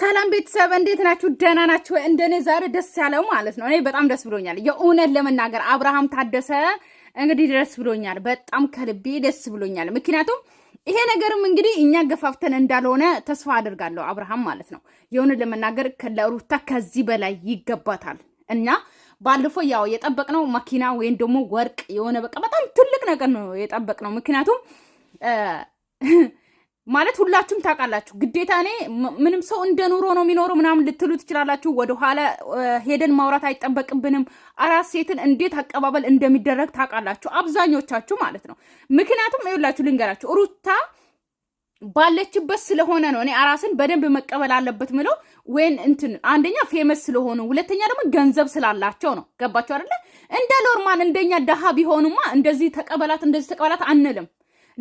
ሰላም ቤተሰብ እንዴት ናችሁ? ደህና ናችሁ? እንደኔ ዛሬ ደስ ያለው ማለት ነው እኔ በጣም ደስ ብሎኛል። የእውነት ለመናገር አብርሃም ታደሰ እንግዲህ ደስ ብሎኛል፣ በጣም ከልቤ ደስ ብሎኛል። ምክንያቱም ይሄ ነገርም እንግዲህ እኛ ገፋፍተን እንዳልሆነ ተስፋ አድርጋለሁ። አብርሃም ማለት ነው የእውነት ለመናገር ለሩታ ከዚህ በላይ ይገባታል። እና ባለፈው ያው የጠበቅነው መኪና ወይም ደግሞ ወርቅ የሆነ በቃ በጣም ትልቅ ነገር ነው የጠበቅነው ምክንያቱም ማለት ሁላችሁም ታውቃላችሁ። ግዴታ እኔ ምንም ሰው እንደ ኑሮ ነው የሚኖረው ምናምን ልትሉ ትችላላችሁ። ወደኋላ ሄደን ማውራት አይጠበቅብንም። አራስ ሴትን እንዴት አቀባበል እንደሚደረግ ታውቃላችሁ አብዛኞቻችሁ ማለት ነው። ምክንያቱም ይኸውላችሁ ልንገራችሁ፣ ሩታ ባለችበት ስለሆነ ነው እኔ አራስን በደንብ መቀበል አለበት ምለው ወይን እንትን አንደኛ ፌመስ ስለሆኑ፣ ሁለተኛ ደግሞ ገንዘብ ስላላቸው ነው። ገባቸው አደለ? እንደ ሎርማን እንደኛ ደሃ ቢሆኑማ እንደዚህ ተቀበላት እንደዚህ ተቀበላት አንልም።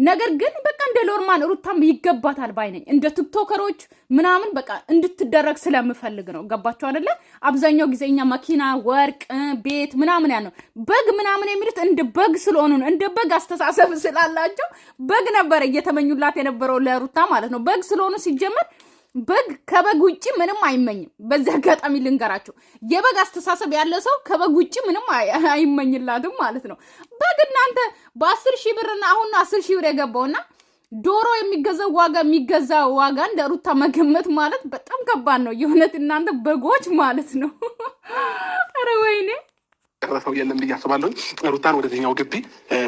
ነገር ግን በቃ እንደ ሎርማን ሩታም ይገባታል ባይ ነኝ። እንደ ቲክቶከሮች ምናምን በቃ እንድትደረግ ስለምፈልግ ነው። ገባቸው አይደለ? አብዛኛው ጊዜ እኛ መኪና፣ ወርቅ፣ ቤት ምናምን ነው በግ ምናምን የሚሉት እንደ በግ ስለሆኑ ነው። እንደ በግ አስተሳሰብ ስላላቸው በግ ነበረ እየተመኙላት የነበረው ለሩታ ማለት ነው። በግ ስለሆኑ ሲጀመር በግ ከበግ ውጭ ምንም አይመኝም። በዚህ አጋጣሚ ልንገራቸው፣ የበግ አስተሳሰብ ያለ ሰው ከበግ ውጭ ምንም አይመኝላትም ማለት ነው። በግ እናንተ በአስር ሺህ ብርና አሁን አስር ሺህ ብር የገባውና ዶሮ የሚገዛው ዋጋ የሚገዛ ዋጋ እንደ ሩታ መገመት ማለት በጣም ከባድ ነው። የእውነት እናንተ በጎች ማለት ነው። የቀረ ሰው የለም ብዬ አስባለሁኝ። ሩታን ወደዚኛው ግቢ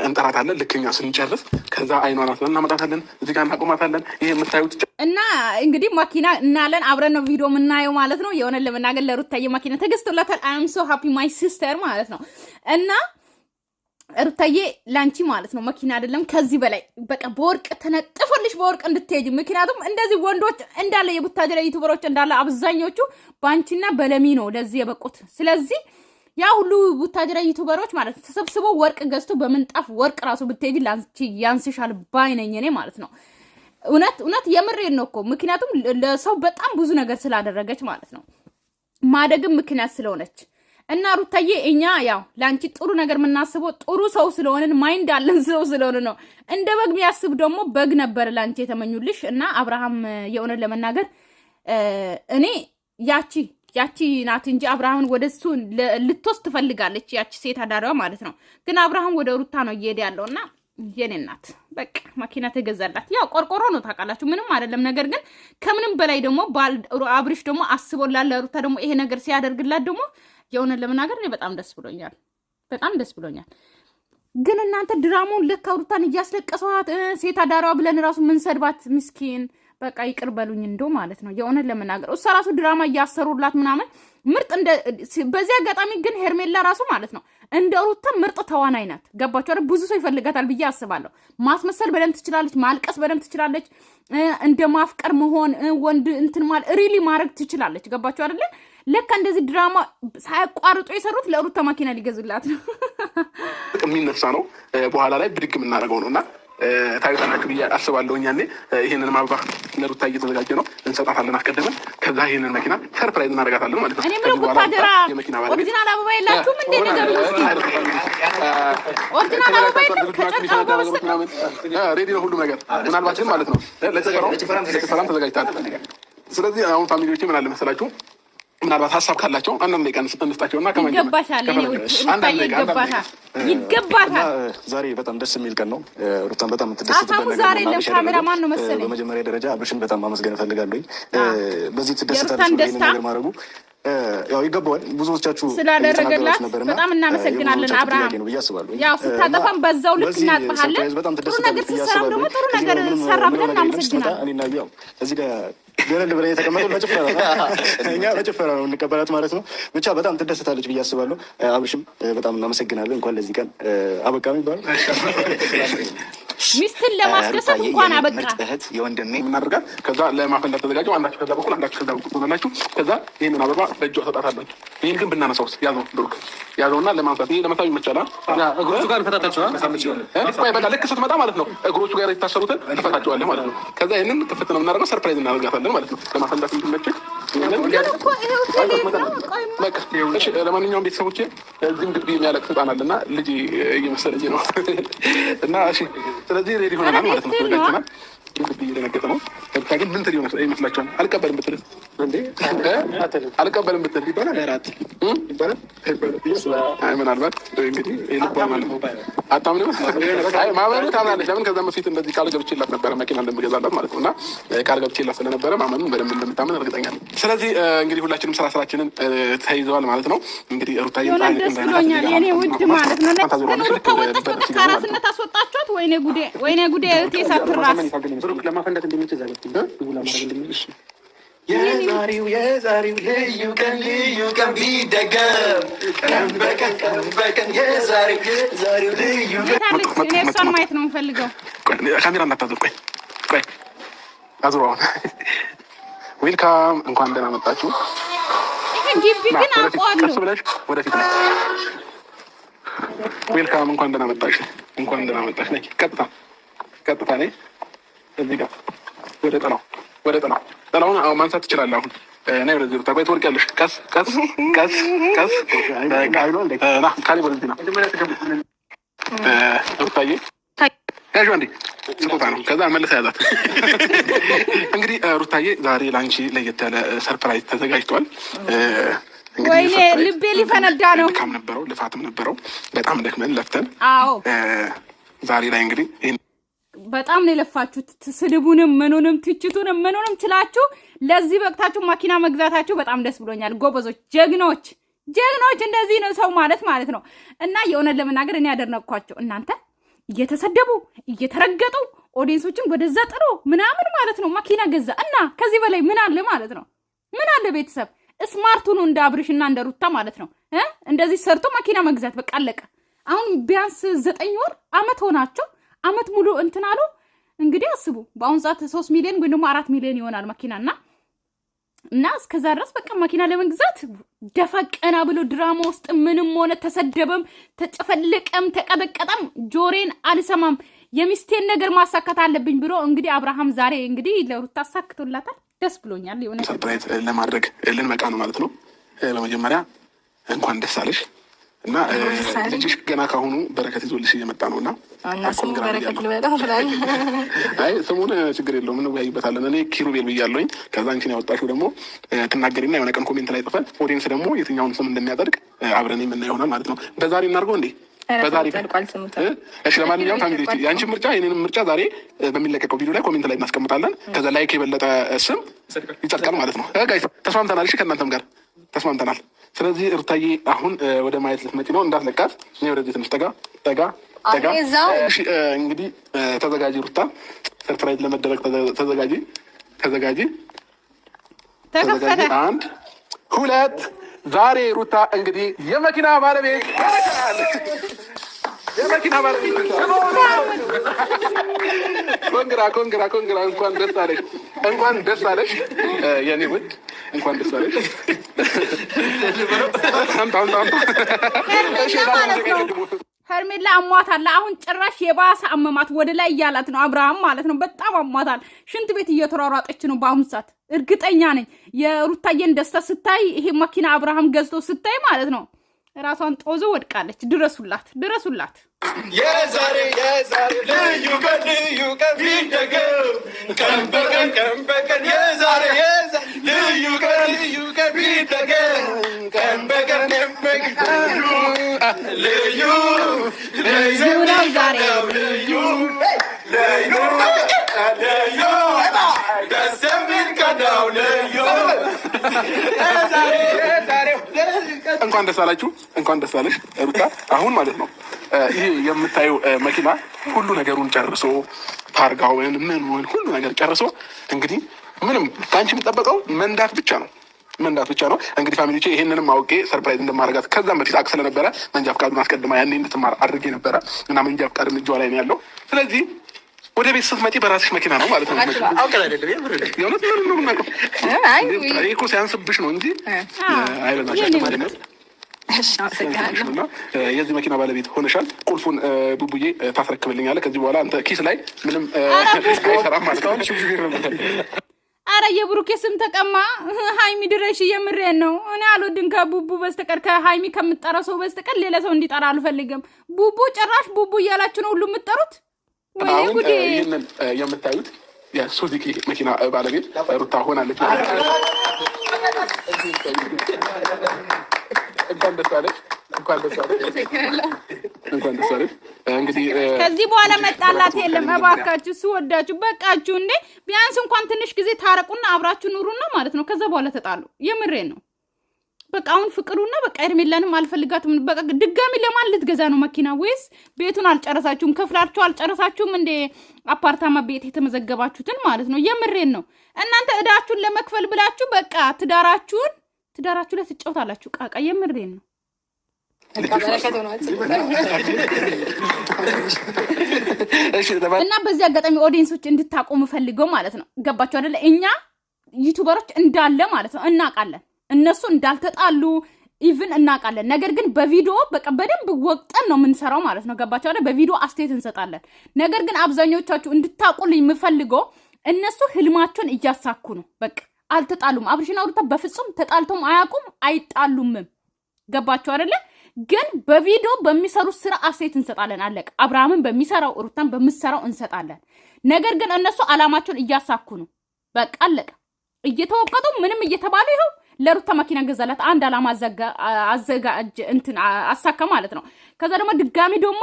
እንጠራታለን። ልክኛ ስንጨርስ ከዛ አይኗን እናመጣታለን። እዚህ ጋር እናቆማታለን። ይሄ የምታዩት እና እንግዲህ ማኪና እናለን አብረን ነው ቪዲዮ የምናየው ማለት ነው። የሆነ ለመናገር ለሩታዬ ማኪና ተገዝቶላታል። አም ሶ ሃፒ ማይ ሲስተር ማለት ነው እና ሩታዬ ላንቺ ማለት ነው መኪና አይደለም ከዚህ በላይ በቃ በወርቅ ተነጥፎልሽ በወርቅ እንድትሄጅ። ምክንያቱም እንደዚህ ወንዶች እንዳለ የቡታጀላ ዩቱበሮች እንዳለ አብዛኞቹ በአንቺና በለሚ ነው ለዚህ የበቁት። ስለዚህ ያ ሁሉ ቡታጅራ ዩቱበሮች ማለት ነው ወርቅ ገዝቶ በምንጣፍ ወርቅ ራሱ ብትሄጂ ላንቺ ያንስሻል ባይ ነኝ እኔ ማለት ነው። እውነት እውነት የምሬን ነው እኮ ምክንያቱም ለሰው በጣም ብዙ ነገር ስላደረገች ማለት ነው። ማደግም ምክንያት ስለሆነች እና ሩታዬ እኛ ያው ለአንቺ ጥሩ ነገር የምናስበው ጥሩ ሰው ስለሆንን ማይንድ አለን ሰው ስለሆነ ነው። እንደ በግ የሚያስብ ደግሞ በግ ነበር ለአንቺ የተመኙልሽ እና አብርሃም የእውነት ለመናገር እኔ ያቺ ያቺ ናት እንጂ አብርሃምን ወደ እሱ ልትወስድ ትፈልጋለች፣ ያቺ ሴት አዳሪዋ ማለት ነው። ግን አብርሃም ወደ ሩታ ነው እየሄደ ያለው እና የኔ ናት በቃ መኪና ተገዛላት። ያው ቆርቆሮ ነው ታውቃላችሁ፣ ምንም አይደለም። ነገር ግን ከምንም በላይ ደግሞ አብሪሽ ደግሞ አስቦላት ለሩታ ደግሞ ይሄ ነገር ሲያደርግላት ደግሞ የሆነ ለመናገር እኔ በጣም ደስ ብሎኛል፣ በጣም ደስ ብሎኛል። ግን እናንተ ድራማውን ለካ ሩታን እያስለቀሰዋት ሴት አዳሪዋ ብለን ራሱ ምንሰድባት ምስኪን በቃ ይቅር በሉኝ እንዶ ማለት ነው። የእውነት ለመናገር እሷ ራሱ ድራማ እያሰሩላት ምናምን ምርጥ እንደ በዚህ አጋጣሚ ግን ሄርሜላ ራሱ ማለት ነው እንደ ሩታ ምርጥ ተዋናይ ናት። ገባችሁ? ብዙ ሰው ይፈልጋታል ብዬ አስባለሁ። ማስመሰል በደንብ ትችላለች፣ ማልቀስ በደንብ ትችላለች፣ እንደ ማፍቀር መሆን ወንድ እንትን ማለት ሪሊ ማድረግ ትችላለች። ገባችሁ አደለ? ለካ እንደዚህ ድራማ ሳያቋርጡ የሰሩት ለሩታ ማኪና ሊገዙላት ነው። የሚነሳ ነው በኋላ ላይ ብድግ የምናደርገው ነው እና ታዩታላችሁ ብዬ አስባለሁ። እኛኔ ይህንን ማባ ለሩታ እየተዘጋጀ ነው፣ እንሰጣታለን አስቀድመን። ከዛ ይህንን መኪና ሰርፕራይዝ እናደርጋታለን ማለት ነው። እኔ አበባ የላችሁም የመኪና ባለቤት ሬዲ ነው ሁሉ ነገር ምናልባችንም ማለት ነው ለጭፈራም ተዘጋጅታል። ስለዚህ አሁን ፋሚሊዎች ምን አለ መሰላችሁ ምናልባት ሀሳብ ካላቸው አንዳንድ ደቂቃ እንስጣቸውና ይገባታል። ዛሬ በጣም ደስ የሚል ቀን ነው። ሩታን በጣም በመጀመሪያ ደረጃ አብርሽን በጣም ማመስገን እፈልጋለሁ። በዚህ ትደሰታለች ማድረጉ ያው ይገባዋል። ብዙዎቻችሁ ስላደረገላት በጣም እናመሰግናለን አብርሃም። ያው ስታጠፋም በዛው ልክ እናጥፋለን። ጥሩ ነገር ስትሰራም ደግሞ ጥሩ ነገር ሰራ ብለን እናመሰግናለን። እኔና ያው እዚህ ጋር ገለል ብለን የተቀመጠው በጭፈራ እኛ በጭፈራ ነው እንቀበላት ማለት ነው። ብቻ በጣም ትደሰታለች ብዬ አስባለሁ። አብርሽም በጣም እናመሰግናለን። እንኳን ለዚህ ቀን አበቃ የሚባለው ሚስትን ለማስደሰት እንኳን አበቃህት የወንድሜ እናደርጋል። ከዛ ለማፈንዳት ተዘጋጀው አንዳችሁ ከዛ በኩል አንዳችሁ ከዛ በኩል ሆናችሁ ከዛ ይህንን አበባ በእጇ ሰጣታላችሁ። ይህን ግን ብናነሳውስ? ያዘው ብሩክ ያዘውና ለማንሳት ይህ ለመሳብ ይመቻላል። እግሮቹ ጋር ፈታታችኋል። ልክ ስትመጣ ማለት ነው እግሮቹ ጋር የታሰሩትን ትፈታቸዋለህ ማለት ነው። ከዛ ይህንን ክፍት ነው የምናደርገው። ሰርፕራይዝ እናደርጋታለን ማለት ነው ለማፈንዳት እንድመችል ለማንኛውም ቤተሰቦቼ እዚህም ግቢ የሚያለቅ ህጻን አለና ልጅ እየመሰለኝ ነው እና ስለዚህ ሬዲ ሆነናል ማለት ነው። ግቢ እየደነገጠ ነው። ግን ምን ትል ይመስላችኋል? አልቀበልም ብትልስ አልቀበልም ብትል ይባላል ይባላል። ምናልባት እንግዲህ አታምንም። ማመኑ ታምናለች። ለምን ከዛም በፊት እንደዚህ ቃል ገብቼላት ነበረ መኪና እንደምገዛላት ማለት ነው። እና ቃል ገብቼላት ስለነበረ ማመኑ በደንብ እንደምታምን እርግጠኛ ነኝ። ስለዚህ እንግዲህ ሁላችንም ስራ ስራችንን ተይዘዋል ማለት ነው። እንግዲህ ሩታ ታስወጣችኋት። ወይኔ ጉዴ፣ ወይኔ ጉዴ ሳትራስ የዛሬው የዛሬው ልዩ ቀን ልዩ ቀን ቢደገም ቀን በቀን ቀን በቀን የዛሬው የዛሬው ልዩ ቀን። እኔ እሷን ማየት ነው የምፈልገው። ካሜራ እንዳታዞር። ቆይ ቆይ አዙር። አሁን ዌልካም፣ እንኳን ደህና መጣችሁ። ግቢ ግን አውቀዋለሁ። ቀስ ብለሽ ወደፊት ነው። ዌልካም፣ እንኳን ደህና መጣሽ። እንኳን ደህና መጣሽ። ነይ ቀጥታ ቀጥታ ነይ። እዚህ ጋር ወደ ጠናው ወደ ጠናው ጥላሁን አሁን ማንሳት ትችላለህ። አሁን እኔ ወደዚህ ቦታ ቆይ ትወርቂያለሽ። ቀስ ቀስ ቀስ ቀስ ካሊ ቫለንቲና ያዥ አንዴ ስጦታ ነው። ከዛ መልሰ ያዛት። እንግዲህ ሩታዬ ዛሬ ለአንቺ ለየት ያለ ሰርፕራይዝ ተዘጋጅቷል። ወይኔ ልቤ ሊፈነዳ ነው። ድካም ነበረው፣ ልፋትም ነበረው። በጣም ደክመን ለፍተን ዛሬ ላይ እንግዲህ በጣም ነው የለፋችሁት። ስድቡንም ምኑንም ትችቱንም ምኑንም ችላችሁ ለዚህ በቅታችሁ ማኪና መግዛታችሁ በጣም ደስ ብሎኛል። ጎበዞች፣ ጀግኖች፣ ጀግኖች እንደዚህ ነው ሰው ማለት ማለት ነው። እና የእውነት ለመናገር እኔ ያደነቅኳቸው እናንተ እየተሰደቡ እየተረገጡ ኦዲየንሶችን ወደዛ ጥሩ ምናምን ማለት ነው። ማኪና ገዛ እና ከዚህ በላይ ምን አለ ማለት ነው? ምን አለ ቤተሰብ ስማርት ሁኑ እንደ አብርሽ እንደ ሩታ ማለት ነው። እንደዚህ ሰርቶ መኪና መግዛት በቃ አለቀ። አሁን ቢያንስ ዘጠኝ ወር አመት ሆናቸው አመት ሙሉ እንትን አሉ። እንግዲህ አስቡ በአሁን ሰዓት ሶስት ሚሊዮን ወይ ደግሞ አራት ሚሊዮን ይሆናል መኪና እና እና እስከዛ ድረስ በቃ መኪና ለመግዛት ደፋቀና ብሎ ድራማ ውስጥ ምንም ሆነ ተሰደበም፣ ተጨፈለቀም፣ ተቀጠቀጠም ጆሬን አልሰማም የሚስቴን ነገር ማሳካት አለብኝ ብሎ እንግዲህ አብርሃም ዛሬ እንግዲህ ለሩት አሳክቶላታል። ደስ ብሎኛል። የሆነ ሰርፕራይዝ ለማድረግ ልንመጣ ነው ማለት ነው። ለመጀመሪያ እንኳን ደስ አለሽ እና ልጅሽ ገና ካሁኑ በረከት ይዞልሽ እየመጣ ነው እና አይ ስሙን ችግር የለውም እንወያይበታለን። እኔ ኪሩቤል ብያለኝ። ከዛ አንቺን ያወጣሽው ደግሞ ትናገሪና የሆነ ቀን ኮሜንት ላይ ጽፈን ኦዲንስ ደግሞ የትኛውን ስም እንደሚያጠርቅ አብረን የምና ይሆናል ማለት ነው። በዛሬ እናድርገው እንዴ? እሺ። ለማንኛውም ፋሚሊዎች የአንቺን ምርጫ የኔንም ምርጫ ዛሬ በሚለቀቀው ቪዲዮ ላይ ኮሜንት ላይ እናስቀምጣለን። ከዛ ላይክ የበለጠ ስም ይጸድቃል ማለት ነው። ጋይስ ተስማምተናል። እሺ ከእናንተም ጋር ተስማምተናል። ስለዚህ እርታዬ አሁን ወደ ማየት ልትመጪ ነው፣ እንዳትለቃት። እኔ ወደዚህ ትንሽ ጠጋ ጠጋ ጠጋ። እንግዲህ ተዘጋጂ ሩታ፣ ሰርፕራይዝ ለመደረግ ተዘጋጂ፣ ተዘጋጂ፣ ተዘጋጂ። አንድ ሁለት። ዛሬ ሩታ እንግዲህ የመኪና ባለቤት የመኪና አሟት ኮንግራ ኮንግራ ኮንግራ። እንኳን ደስ አለሽ፣ እንኳን ደስ አለሽ የኔ ውድ፣ እንኳን ደስ አለሽ። ሄርሜላ አሟታል። አሁን ጭራሽ የባሰ አመማት፣ ወደ ላይ እያላት ነው። አብርሃም ማለት ነው። በጣም አሟታል። ሽንት ቤት እየተሯሯጠች ነው በአሁኑ ሰዓት። እርግጠኛ ነኝ የሩታየን ደስታ ስታይ ይሄ መኪና አብርሃም ገዝቶ ስታይ ማለት ነው ራሷን ጦዞ ወድቃለች። ድረሱላት፣ ድረሱላት። የዛሬ የዛሬ ልዩ ቀን ልዩ ቀን ቢደገም ቀን በቀን ቀን በቀን የዛሬ የዛሬ ልዩ ቀን ልዩ ቀን ቢደገም ቀን በቀን ቀን ልዩ ዛሬ ልዩ ልዩ ልዩ ደስ የሚል ቀን ነው ልዩ እንኳን ደስ አላችሁ፣ እንኳን ደስ አለሽ ሩታ። አሁን ማለት ነው ይህ የምታየው መኪና ሁሉ ነገሩን ጨርሶ ታርጋውን፣ ምኑን ሁሉ ነገር ጨርሶ እንግዲህ ምንም ከአንቺ የምጠበቀው መንዳት ብቻ ነው መንዳት ብቻ ነው። እንግዲህ ፋሚሊዎቼ ይህንንም አውቄ ሰርፕራይዝ እንደማድረጋት ከዛም በፊት አቅ ስለነበረ መንጃ ፍቃዱን አስቀድማ ያኔ እንድትማር አድርጌ ነበረ እና መንጃ ፍቃድ እጇ ላይ ነው ያለው። ስለዚህ ወደ ቤት ስትመጪ በራስሽ መኪና ነው ማለት ነው። የእውነት ነው ሲያንስብሽ ነው እንጂ አይበላሽ ማለት እና የዚህ መኪና ባለቤት ሆነሻል። ቁልፉን ቡቡዬ ታስረክብልኛለ። ከዚህ በኋላ አንተ ኪስ ላይ ምንም አረ የብሩኬ ስም ተቀማ። ሀይሚ ድረሽ፣ የምሬን ነው። እኔ አልወድም ከቡቡ በስተቀር ከሀይሚ ከምጠራ ሰው በስተቀር ሌላ ሰው እንዲጠራ አልፈልግም። ቡቡ ጭራሽ ቡቡ እያላችሁ ነው ሁሉ የምጠሩት ይህንን የምታዩት የሱዚኪ መኪና ባለቤት ሩታ ሆናለች። እንኳን ደስ አለሽ፣ እንኳን ደስ አለሽ፣ እንግዲህ ከዚህ በኋላ መጣላት የለም። እባካችሁ ስወዳችሁ በቃችሁ እንዴ! ቢያንስ እንኳን ትንሽ ጊዜ ታረቁና አብራችሁ ኑሩና ማለት ነው። ከዛ በኋላ ተጣሉ። የምሬ ነው። በቃ አሁን ፍቅሩና በቃ ሄርሜላንም አልፈልጋትም። በቃ ድጋሚ ለማን ልትገዛ ነው መኪና? ወይስ ቤቱን አልጨረሳችሁም? ከፍላችሁ አልጨረሳችሁም እንደ አፓርታማ ቤት የተመዘገባችሁትን ማለት ነው። የምሬን ነው። እናንተ እዳችሁን ለመክፈል ብላችሁ በቃ ትዳራችሁን ትዳራችሁ ላይ ትጫወታላችሁ። ቃቃ የምሬን ነው። እና በዚህ አጋጣሚ ኦዲየንሶች እንድታቆሙ ፈልገው ማለት ነው። ገባችሁ አደለ? እኛ ዩቱበሮች እንዳለ ማለት ነው እናውቃለን። እነሱ እንዳልተጣሉ ኢቭን እናውቃለን። ነገር ግን በቪዲዮ በቃ በደንብ ወቅጠን ነው የምንሰራው ማለት ነው። ገባችሁ አደለ? በቪዲዮ አስተያየት እንሰጣለን። ነገር ግን አብዛኞቻችሁ እንድታቁልኝ የምፈልገው እነሱ ህልማቸውን እያሳኩ ነው በቃ አልተጣሉም። አብርሽና ሩታ በፍጹም ተጣልቶም አያውቁም፣ አይጣሉምም። ገባቸው አይደለ? ግን በቪዲዮ በሚሰሩት ስራ አስተያየት እንሰጣለን። አለቅ አብርሃምን በሚሰራው ሩታን በምሰራው እንሰጣለን። ነገር ግን እነሱ አላማቸውን እያሳኩ ነው። በቃ አለቀ። እየተወቀጡ ምንም እየተባሉ ይኸው ለሩታ መኪና ገዛላት። አንድ አላማ አዘጋጅ እንትን አሳካ ማለት ነው። ከዛ ደግሞ ድጋሚ ደግሞ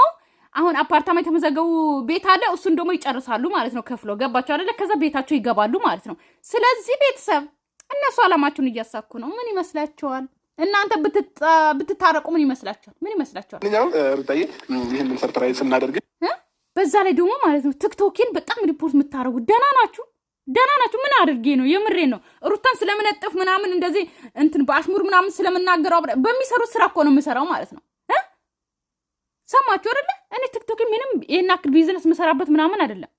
አሁን አፓርታማ የተመዘገቡ ቤት አለ። እሱን ደግሞ ይጨርሳሉ ማለት ነው ከፍሎ ገባቸው አደለ? ከዛ ቤታቸው ይገባሉ ማለት ነው። ስለዚህ ቤተሰብ እነሱ አላማቸውን እያሳኩ ነው። ምን ይመስላቸዋል? እናንተ ብትታረቁ ምን ይመስላቸዋል? ምን ይመስላችኋል? ይህንን ሰርፕራይዝ ስናደርግ በዛ ላይ ደግሞ ማለት ነው ቲክቶኬን በጣም ሪፖርት የምታደርጉ ደህና ናችሁ ደህና ናችሁ። ምን አድርጌ ነው? የምሬ ነው። ሩታን ስለምነጥፍ ምናምን እንደዚህ እንትን በአሽሙር ምናምን ስለምናገረው በሚሰሩት ስራ እኮ ነው የምሰራው ማለት ነው። ሰማችሁ አይደለ? እኔ ቲክቶክ ምንም ይሄን አክል ቢዝነስ መሰራበት ምናምን አይደለም፣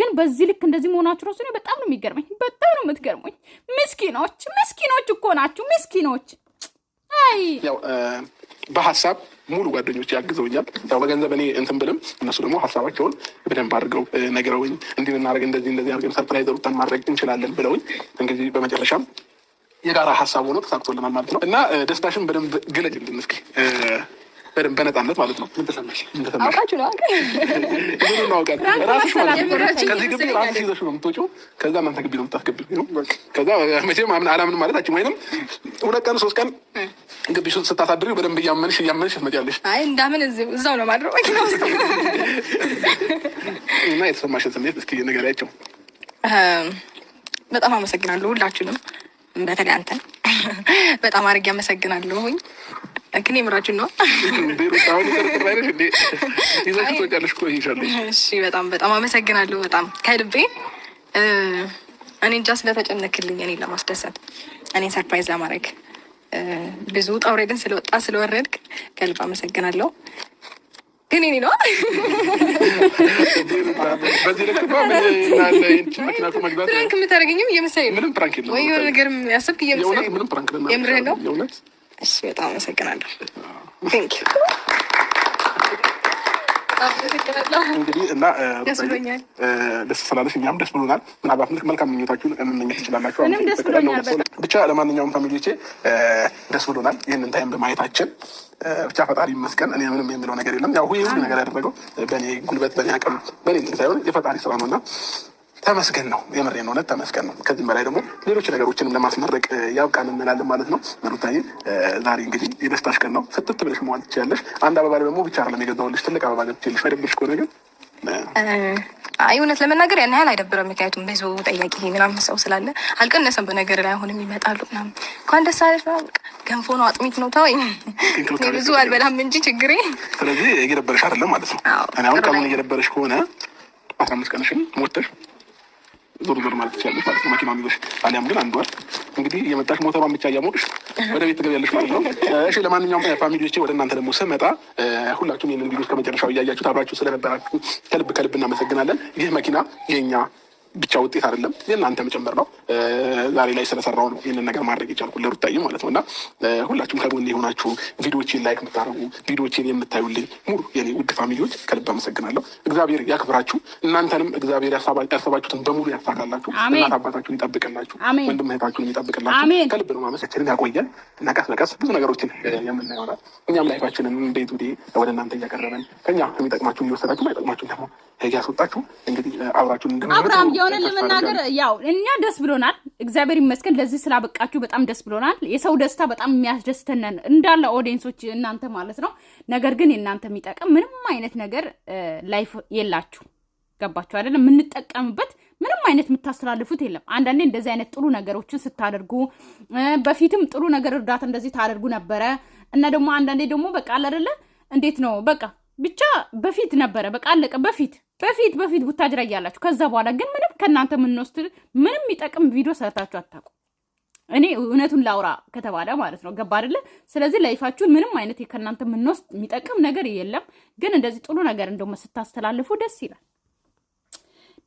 ግን በዚህ ልክ እንደዚህ መሆናችሁ ራሱ በጣም ነው የሚገርመኝ። በጣም ነው የምትገርሙኝ። ምስኪኖች ምስኪኖች እኮ ናችሁ ምስኪኖች። አይ ያው በሀሳብ ሙሉ ጓደኞች ያግዘውኛል። ያው በገንዘብ እኔ እንትን ብልም እነሱ ደግሞ ሀሳባቸውን በደንብ አድርገው ነግረውኝ እንዲህ እናደርግ እንደዚህ እንደዚህ አድርገን ሰርፕራይዝ ሩታን ማድረግ እንችላለን ብለውኝ እንግዲህ በመጨረሻም የጋራ ሀሳብ ሆኖ ተሳክቶልናል ማለት ነው እና ደስታሽን በደንብ ግለጭ እንድንስኪ በደንብ በነፃነት ማለት ነው። ምን ተሰማሽ? ነው ከዚህ ግቢ ነው ከዛ ማለት አችም ሁለት ቀን ሶስት ቀን ግቢ ስታሳድሪ በደንብ እያመንሽ እያመንሽ ትመጫለሽ። አይ እንዳምን እዛው ነው እና የተሰማሽን ስሜት እስኪ ንገሪያቸው። በጣም አመሰግናለሁ ሁላችሁንም። በተለይ አንተ በጣም አድርጌ አመሰግናለሁኝ። ግን የምራችን ነው። በጣም በጣም አመሰግናለሁ። በጣም ከልቤ እኔ እንጃ ስለተጨነክልኝ፣ እኔ ለማስደሰት፣ እኔ ሰርፕራይዝ ለማድረግ ብዙ ጣውሬድን ስለወጣ ስለወረድክ ከልብ አመሰግናለሁ። እኔ ነው ፕራንክ የምታደርገኝም እየመሰለኝ ነው። ወይ የሆነ ነገር ያሰብክ እየመሰለኝ ነው። የምርህ ነው። እሺ፣ በጣም አመሰግናለሁ። እንግዲህ እና ደስ ስላለሽ እኛም ደስ ብሎናል። ምናልባት ምልክ መልካም ምኞታችሁን መመኘት ትችላላችሁ። ብቻ ለማንኛውም ፋሚሊዎቼ ደስ ብሎናል ይህንን ታይም በማየታችን ብቻ ፈጣሪ ይመስገን። እኔ ምንም የምለው ነገር የለም። ያው ሁሉ ነገር ያደረገው በእኔ ጉልበት፣ በእኔ አቅም፣ በእኔ እንትን ሳይሆን የፈጣሪ ስራ ነው እና ተመስገን ነው። የምሬን እውነት ተመስገን ነው። ከዚህም በላይ ደግሞ ሌሎች ነገሮችንም ለማስመረቅ ያብቃን እንላለን ማለት ነው። መሩታዬ ዛሬ እንግዲህ የደስታሽ ቀን ነው። ፍትት ብለሽ መዋል ትችያለሽ። አንድ አበባ ደግሞ ብቻ አይደለም የገዛሁልሽ፣ ትልቅ አበባ ገብቼልሽ አይደብርሽ ከሆነ ግን አይ እውነት ለመናገር ያን ያህል አይደብረም። ምክንያቱም በህዝቡ ጠያቂ ምናምን ሰው ስላለ አልቀነሰም። በነገር ላይ አሁንም ይመጣሉ ምናምን። እንኳን ደስ አለሽ ገንፎ ነው አጥሚት ነው ታወይ ብዙ አልበላም እንጂ ችግሬ። ስለዚህ እየደበረሽ አይደለም ማለት ነው። እኔ አሁን ቀኑን እየደበረሽ ከሆነ አስራ አምስት ቀንሽን ሞተሽ ዞር ዞር ማለት ትችላለች ማለት ነው። መኪና ይዘሽ አሊያም ግን አንዷል እንግዲህ የመጣሽ ሞተሯን ብቻ እያሞቅሽ ወደ ቤት ትገቢያለሽ ማለት ነው። እሺ ለማንኛውም ፋሚሊዎቼ ወደ እናንተ ደግሞ ስመጣ ሁላችሁም ይህንን ቪዲዮ ከመጨረሻው እያያችሁ እያያችሁት አብራችሁ ስለነበራችሁ ከልብ ከልብ እናመሰግናለን። ይህ መኪና የኛ ብቻ ውጤት አይደለም የእናንተ መጨመር ነው። ዛሬ ላይ ስለሰራው ነው ይህንን ነገር ማድረግ የቻልኩ ለሩታዬ ማለት ነው። እና ሁላችሁም ከጎን የሆናችሁ ቪዲዮችን ላይክ የምታደርጉ ቪዲዮችን የምታዩልኝ ሙሉ የኔ ውድ ፋሚሊዎች ከልብ አመሰግናለሁ። እግዚአብሔር ያክብራችሁ። እናንተንም እግዚአብሔር ያሰባችሁትን በሙሉ ያሳካላችሁ። እናት አባታችሁን ይጠብቅላችሁ። ወንድም እህታችሁን ይጠብቅላችሁ። ከልብ ነው ማመሰችንን ያቆየን እና ቀስ በቀስ ብዙ ነገሮችን የምናየሆናል። እኛም ላይፋችንን ቤት ዴ ወደ እናንተ እያቀረበን ከኛ የሚጠቅማችሁን እየወሰዳችሁ ማይጠቅማችሁን ደግሞ እያስወጣችሁ እንግዲህ አብራችሁን እንድንመ የሆነ ለመናገር ያው እኛ ደስ ብሎናል፣ እግዚአብሔር ይመስገን ለዚህ ስላበቃችሁ በጣም ደስ ብሎናል። የሰው ደስታ በጣም የሚያስደስተነን እንዳለ ኦዲየንሶች እናንተ ማለት ነው። ነገር ግን የእናንተ የሚጠቅም ምንም አይነት ነገር ላይፍ የላችሁ ገባችሁ አይደለም? የምንጠቀምበት ምንም አይነት የምታስተላልፉት የለም። አንዳንዴ እንደዚህ አይነት ጥሩ ነገሮችን ስታደርጉ በፊትም ጥሩ ነገር እርዳታ እንደዚህ ታደርጉ ነበረ እና ደግሞ አንዳንዴ ደግሞ በቃ አለ አይደለ እንዴት ነው በቃ ብቻ በፊት ነበረ በቃ አለቀ በፊት በፊት በፊት ቡታጅራ እያላችሁ ከዛ በኋላ ግን ምንም ከእናንተ የምንወስድ ምንም የሚጠቅም ቪዲዮ ሰርታችሁ አታውቁም። እኔ እውነቱን ላውራ ከተባለ ማለት ነው። ገባ አይደለ? ስለዚህ ላይፋችሁን ምንም አይነት ከእናንተ የምንወስድ የሚጠቅም ነገር የለም። ግን እንደዚህ ጥሩ ነገር እንደውም ስታስተላልፉ ደስ ይላል፣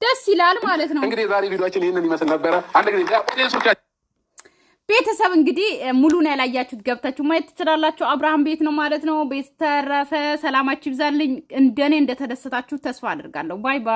ደስ ይላል ማለት ነው። እንግዲህ ዛሬ ቪዲዮችን ይህንን ይመስል ነበረ። አንድ ጊዜ ቤተሰብ እንግዲህ ሙሉን ያላያችሁት ገብታችሁ ማየት ትችላላችሁ። አብርሃም ቤት ነው ማለት ነው። ቤተተረፈ ሰላማችሁ ይብዛልኝ። እንደኔ እንደተደሰታችሁ ተስፋ አድርጋለሁ። ባይ ባይ።